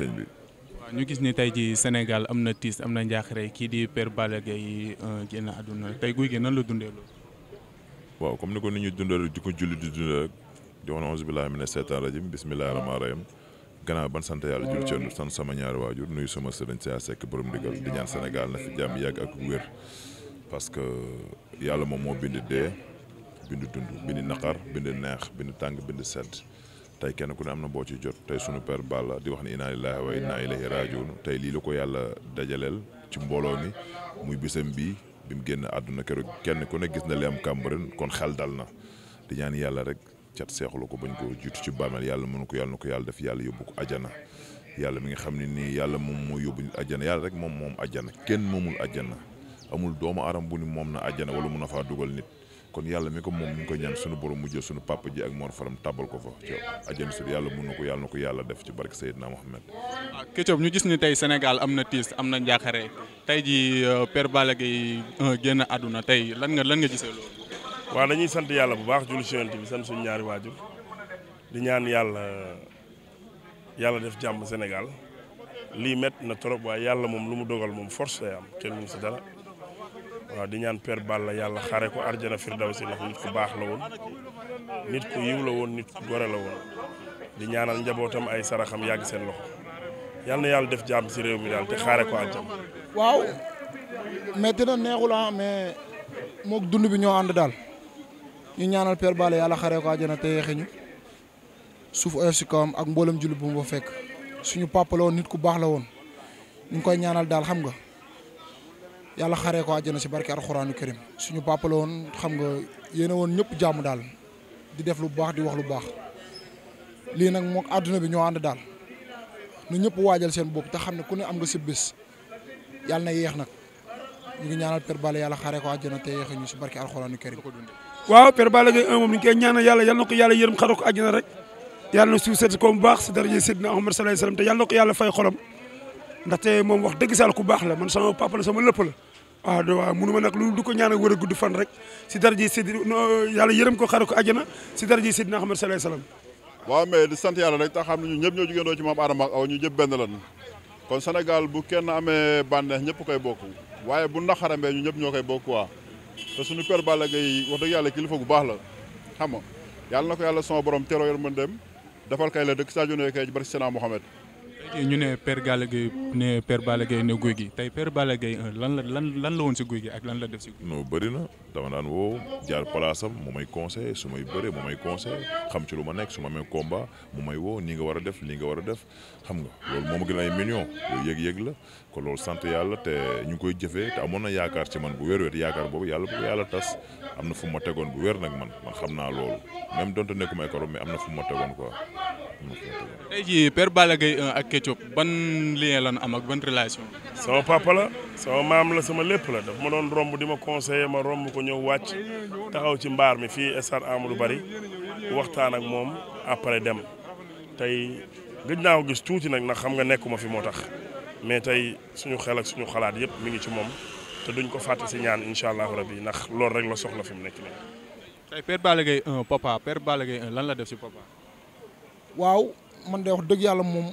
sëñ bi. waaw ñu gis ni tey ji senegal am na tiis am na njaaxare kii di Père Balla Gaye euh, génn àdduna tey guy gi nan la dundee loolu. waaw comme ni ko nit ñi dundal di ko julli di dundal rek di wax na auzu billaahi mina seytaani rajim bismillaahi rahmaani rahim gannaaw ban sant yàlla jul ci sant sama ñaari waajur nuyu sama sëriñ Saa Sekk borom ndigal di ñaan Sénégal na fi jàmm yàgg ak wér parce que yàlla moom moo bind dee bind dund bind naqar bind neex bind tey kenn ku ne am na boo ci jot tey sunu père Balla di wax ne inna lillahi wa inna ilayhi rajiun tey lii la ko yàlla dajaleel ci mbooloo mi muy bisam bi bi mu génn àdduna keroog kenn ku ne gis na li am Cambérène kon xel dal na di ñaan yàlla rek cat seexlu ko bañ ko jiitu ci bàmmeel yàlla mënu ko yàlla na ko yàlla def yàlla yóbbu ko ajana yàlla mi nga xam ne nii yàlla moom moo yóbbu ajana yàlla rek moom moom ajana kenn moomul ajana amul doomu aram bu ni moom na ajana wala mun na faa dugal nit kon yàlla mi ko moom mu ngi ko ñaan sunu borom mu jël sunu papa ji ak Mor Faram tàbbal ko fa ci àjjana su yàlla mën na ko yàlla na yàlla def ci barke Seydina Mohamed. waaw ah, Ketchup ñu gis ni tey Sénégal am na tiis am na njaaxare tey ji euh, per Balla gi euh, génn àdduna tey lan nga lan nga gisee loolu. waaw dañuy sant yàlla bu baax julli ci Yonent bi sant suñu ñaari waajur di ñaan yàlla yàlla def jàmm Sénégal lii met na trop waaye yàlla moom lu mu dogal moom force day am kenn waaw di ñaan Père la yàlla xare ko arjana firdawsi ndax nit ku baax la woon nit ku yiw la woon nit ku gore la woon di ñaanal njabootam ay saraxam yàgg seen loxo yàlla yàlla def jàmm si réew mi daal te xaare ko àjjana waaw metti na neexul ah mais mook dund bi ñoo ànd daal ñu ñaanal Père Balla yàlla xare ko àjjana te yeexiñu suuf oyof si kawam ak mboolem jullit bu mu fa fekk suñu papa la woon nit ku baax la woon ñu koy ñaanal daal xam nga yàlla xaree ko àjjana si barke alxuraanu karim suñu papa la woon xam nga yéen woon ñëpp jàmm daal di def lu baax di wax lu baax lii nag mook àdduna bi ñoo ànd daal nu ñëpp waajal seen bopp te xam ne ku ne am nga si bés yàlla na yéex nag ñu ngi ñaanal Père Balla yàlla xaree ko àjjana te yéex ñu si barke alxuraanu karim waaw Père Balla Gaye 1 moom ni ñu ñaanal yàlla yàlla na ko yàlla yërëm xaree ko àjjana rek yàlla na suuf seet ko bu baax si daraja Seydina Ahmad sallallahu alayhi wasallam te yàlla ko yàlla fay xolam ndaxte moom wax dëgg saal ku baax la man sama papa la sama la Ah, waaw do waaw mënu ma nag lu du ko ñaanal wër a gudd fan rek si daraji Seydi yàlla yërëm ko xare ko àjjana si daraji Seydina Ahmad sallallahu alayhi wasallam waaw mais di sant yàlla rek tax xam ne ñu ñëpp ñoo jugéendoo ci maam Adama ak aw ñu jëpp benn lan kon Sénégal bu kenn amee bànneex ñëpp koy bokk waaye bu naqarambee ñu ñëpp ñoo koy bokk quoi te suñu père Balla Gaye wax dëgg yàlla kilifa gu baax la xam nga yàlla na ko yàlla sama borom teeroo yor mën dem dafal kay la dëkk saa ju nekk ñu ne Père Balla Gaye ne Père Balla ne Gouye Gui tey Père Balla Gaye lan la lan lan la woon si Gouye gi ak lan la def si. non bëri na dama daan woo jaar palaasam mu may conseil su may bëree mu may conseil xam ci lu ma nekk su ma amee combat mu may woo nii nga war a def lii nga war a def xam nga loolu moom ma gën ay yëg-yëg la ko loolu sant yàlla te ñu koy jëfee amoon na yaakaar ci man bu wér-wér yaakaar boobu yàlla bu ko yàlla tas am na fu ma tegoon bu wér nag man man xam naa loolu même donte nekkuma école mais am na fu ma tegoon tey jii Père Balla Gaye ak Ketchup ban lien lan am ak ban relation. sama papa la sama maam la sama lépp la daf ma doon romb di ma conseiller ma romb ko ñëw wàcc taxaw ci mbaar mi fii stade Amadou Barry waxtaan ak moom après dem tey gëj naa ko gis tuuti nag ndax xam nga nekkuma fi moo tax mais tey suñu xel ak suñu xalaat yëpp mu ngi ci moom te duñ ko fàtte si ñaan incha allahu rabi ndax loolu rek la soxla fi mu nekk nii. tey Père Balla Gaye papa Père lan la def si papa. waaw man de wax dëgg yàlla moom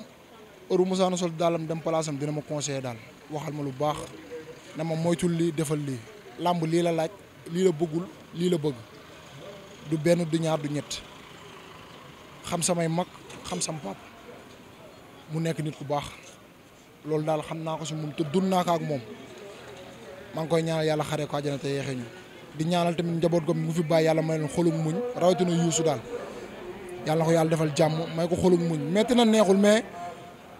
heure bu Musaana sol daalam dem place dina ma conseiller daal waxal ma lu baax na ma moytul lii defal lii làmb lii la laaj lii la bëggul lii la bëgg du benn du ñaar du ñett xam samay mag xam sam pap mu nekk nit ku baax loolu daal xam naa ko si mun te dund naa ko ak moom maa ngi koy ñaanal yàlla xaree ko àjjana te yeexee ñu di ñaanal tamit njaboot ko mu fi bàyyi yàlla may leen xolum muñ rawatina yuusu daal yàlla na ko yàlla defal jàmm may ko xolum muñ metti na neexul mais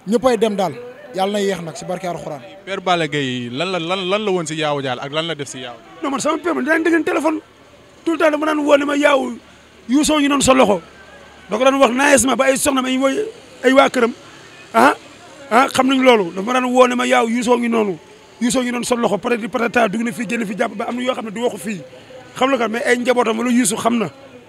ñëppay dem daal yàlla na yéex nag si barke alxuraan. Père Balla Gaye lan la lan lan la woon si yaawu jaal ak lan la def si yaawu. non man sama père man daan dégg téléphone woo ne ma yaawu yuusoo ñu noonu sa loxo da ko daan wax naajes ma ba ay soxna ma ay waa këram ah ah loolu dafa ma daan woo ne ma yaaw yuusoo ngi noonu yuusoo ngi noonu sa loxo peut être peut être dugg na fii génn fi jàpp ba am na yoo xam ne du waxu fii xam la kat mais ay njabootam wala yuusu xam na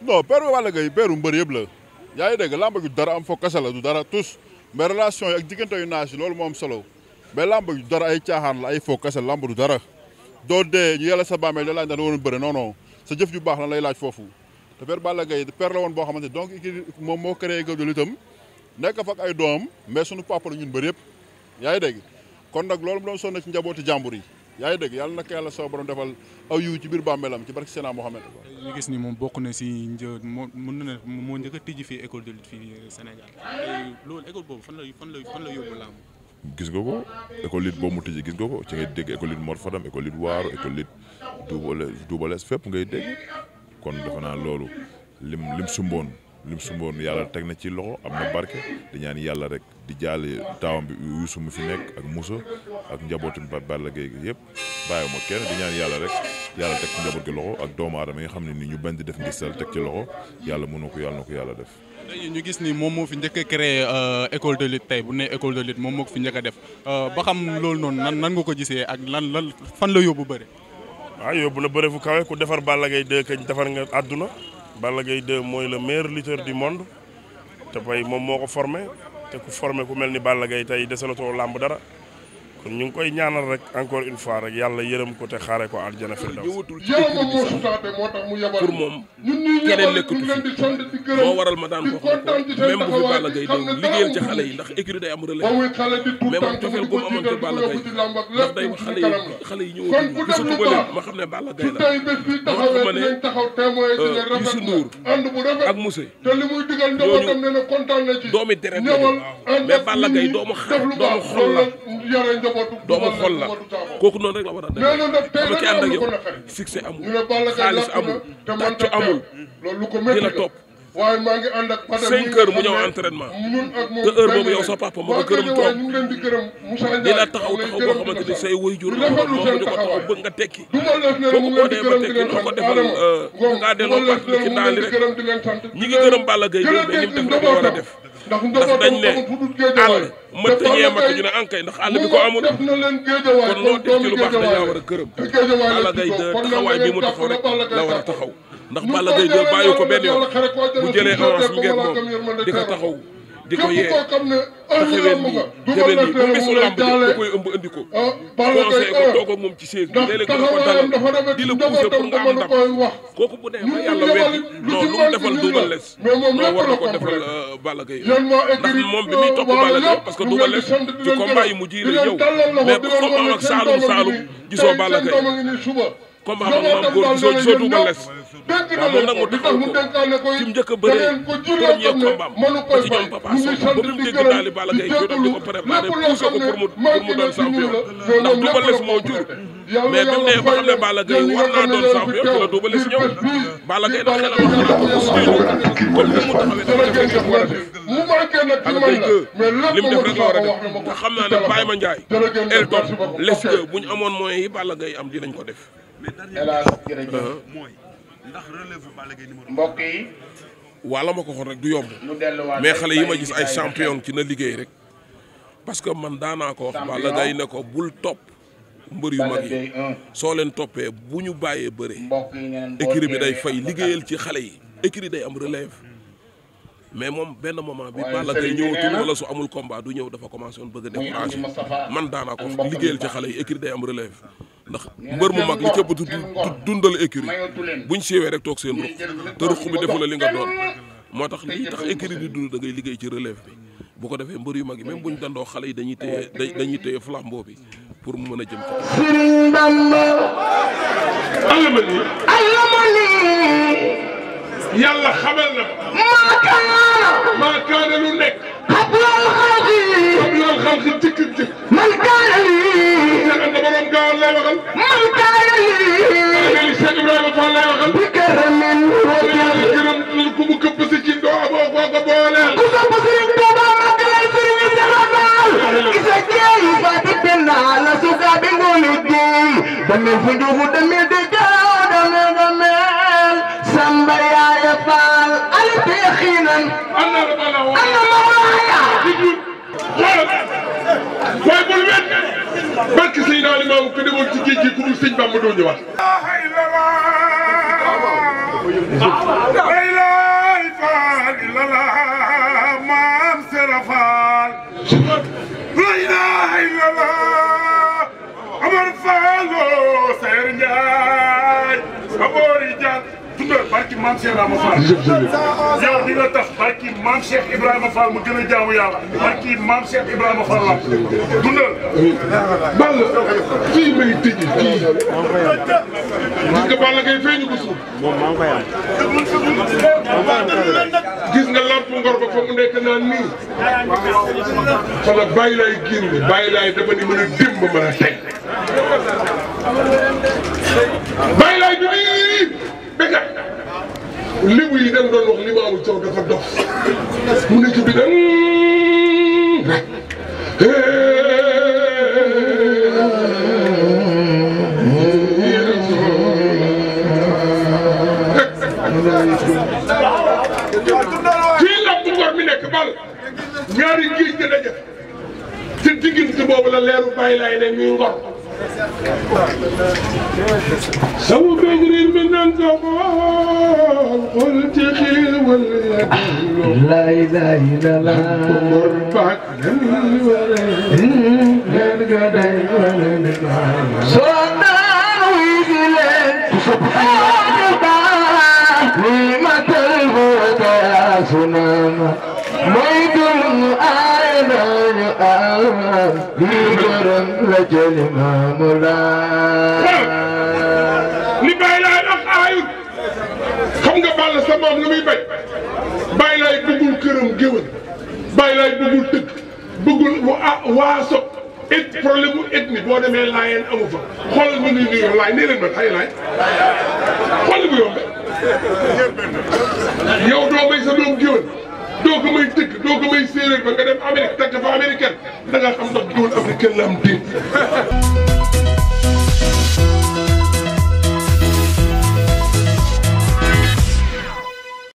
non peeru Balla Gaye peeru mbër yëpp la yaa ngi dégg làmb ju dara am fo kese la du dara tous mais relation yi ak diggante yu naaj yi solo mais làmb ju dara ay caaxaan ay fo kese la làmb dara doo dee ñu yàlla sa bàmmeel laaj na da woon bëre non non sa jëf ju baax lan lay laaj foofu te peeru Balla Gaye peer woon boo xamante donc moom moo créé gëb de lutam nekk fa ak ay doom mais sunu papa la ñun bëri yëpp yaa ngi dégg kon nag loolu mu doon sonn ci njabooti jàmbur yi yaa ngi dégg yàlla na ko yàlla soo borom defal aw yiw ci biir bàmmeelam ci barke Seydina Mohamed. ñu gis ni moom bokk na si një moo mën na ne moo njëkk a tijji fii école de lutte fii Sénégal loolu école boobu fan la fan la fan la yóbbu làmb gis nga ko école lutte boobu mu tijji gis nga ko ci ngay dégg école lutte Mor Fadam école lutte Waaro école lutte Double Doubles fépp ngay dégg kon defe naa loolu lim lim sumboon lim sumboon yàlla teg na ci loxo am na barke di ñaan yàlla rek di jaale taawam bi Youssou mu fi nekk ak Moussa ak njabootum Balla Gaye gi yëpp bàyyi ma kenn di ñaan yàlla rek yàlla teg ci njaboot ak doomu aadama yi xam ne ni ñu benn di def ngistal teg ci loxo yàlla ko yàlla na ko yàlla def. ñu gis ni moom moo fi njëkk a créé euh, école de lutte tey bu ne école de lutte moom moo ko fi njëkk a euh, xam loolu noonu nan nan nga ko gisee ak lan lan fan la yóbbu bëri. waaw ah, yóbbu la bëri fu ku defar Balla Gaye 2 kañ defar nga àdduna Balla Gaye 2 mooy la meilleur lutteur du monde te bay moom moo ko formé te ku formé ku mel ni Balla Gaye tey desalatoo làmb dara kon ñu ngi koy ñaanal rek encore une fois rek yàlla yërëm ko te xaare ko aljana firdaws pour moom keneen ma daan ko xam ko même bu fi Balla Gaye dégg liggéeyal ci xale yi ndax écurie day am relais ko leen ma xam ne Balla Gaye la moo tax euh, doomi xol la doomu xol la kooku noonu rek la war a demee xam nga ki ànd ak yow succès amul xaalis amul tàccu amul di la topp. waaye maa mu ñëw entraînement te heure yow sa papa ma ko gërëm toog di la taxaw taxaw boo xamante ni say waajur moom ñu ko taxaw bëgg nga tekki boo dee ba tekki noo ko defal euh, ngaa delloo parti ci daali rek ñi ngi gërëm Balla Gaye mais ñi mu def rek war a def ndax dañ le àll mënta ñeem ak ñu ne ankay ndax àll bi ko amul kon loo def ci lu baax dañ laa war a gërëm Balla Gaye de taxawaay bi mu taxaw rek la war a taxaw ndax Balla Gaye de bàyyi ko benn yoon bu jëlee avance mu di ko taxaw di ko yee képp ne ëllëg lamb nga dugal na teel ko ah, ko toog ak moom ci chaise bi léeg nga ko dalal di la pousser pour nga am ndam kooku bu dee ba yàlla les non euh, moom bi euh, muy topp Balla Gaye parce que les ci combat yi mu jiire ñëw mais bu soo am ak Saalum Saalum gisoo Balla Gaye combat ba maam góor soo soo dugal les waaw moom nag mu taxaw ci mu njëkk a bëree premier combat ba ci ñoom papa Sow ba mu dégg daal di Balla Gaye kii doon di ko préparé poussé ko pour mu pour mu doon champion ndax dugal les moo jur mais bi mu nee ba xam ne war naa doon champion ci la dugal les ñëw Balla Gaye nag xelam wax naa ko mu suy kon ni mu taxawee dafa def li a li mu def rek la war a def te xam naa ne Baye Ma Ndiaye Elton les que bu ñu amoon moyens yi Balla Gaye am dinañ ko def El Hadj jërëjëf. mbokk yi. waa la ma ko xool rek du yomb. mais xale yi ma gis ay champion ci na liggéey rek. parce que man daanaa ko wax Balla Gaye ne ko bul topp mbër yu mag yi soo leen toppee bu ñu bàyyee bëre écurie bi day fay liggéeyal ci xale yi écurie day am relève mais moom benn moment bi Balla Gaye ñëwatul wala su amul combat du ñëw dafa commencé woon bëgg a découragé man daanaa ko wax liggéeyal ci xale yi écurie day am relève ndax mbër mu mag li cëpp du dundal écurie buñ siiwee rek toog seen ruq te ruq bi defu la li nga doon moo tax lii tax écurie di dund da liggéey ci relève bi bu ko defee mbër yu mag yi même buñ dandoo xale yi dañuy téye dañuy téye flambeau bi pour mu mën a jëm ci Sëriñ Bamba allamani yàlla xamal na maakaana maakaana lu nekk xablaal xalqi xablaal xalqi jëkk jëkk Cheikh Anta borom Gaawaan lay waxal. mooy taay yi. Cheikh Ibrahima Fall lay waxal. bi gërëm nañ ñu woo. gërëm nañ ku mu këpp si ci doo boo ko ko booleel. ku sopp Sëriñ Tuuba mag lay Sëriñ Cheikh Fall. isa jéey fa di la suka bi mu ni diim. dama fi njubu dama barke Seydina Limaamu ku demoon ci géej gi ku dul sëñ Bamba doo ñëwaat. Amar Faal Seer Njaay barki maam Cheikh Ibrahima Fall. yow di nga tax barki maam Cheikh Ibrahima Fall mu gën a jaamu yàlla. barki maam Cheikh Ibrahima Fall la. dundal. bal fii may tëjee fii. gis nga Balla Gaye feeñu ko suuf. moom maa ngi koy am. gis nga lamp ngor ba fa mu nekk naan nii. xanaa la bàyyi laay génne bàyyi laay dafa ni mën a démb mën a teg. bàyyi laay bi bii béykat. libu yi dem doon wax Limaamu Caw dafa dof mu nekk bi dem fii la bu ngor mi nekk bal ñaari géej gi daje te diggante boobu la leeru bàyyi laay ne ñuy ngor سو بدر من الجمال قلت خير واليدل لا اله الا الله مرفع سلطان ويجلل سبحان الله نعمة الهدى سنة liibaran la jëli maamu laa li bàyyi laay ak aayut xam nga bàll sa maam lu muy bañ bàyyi laay bëggul këram géwël bàyyi laay bëggul tëgg bëggul waaso et problème bu ethnique boo demee laayeen amu fa xoolal ma nuyu nuyoo laay nee leen ma xëy laay xool bu yombe yow doo may sa doom géwël doo ko may dëkk doo ko may séeréer ba nga dem Amérique takk fa américaine da nga xam ndax jiwul africaine la am déet.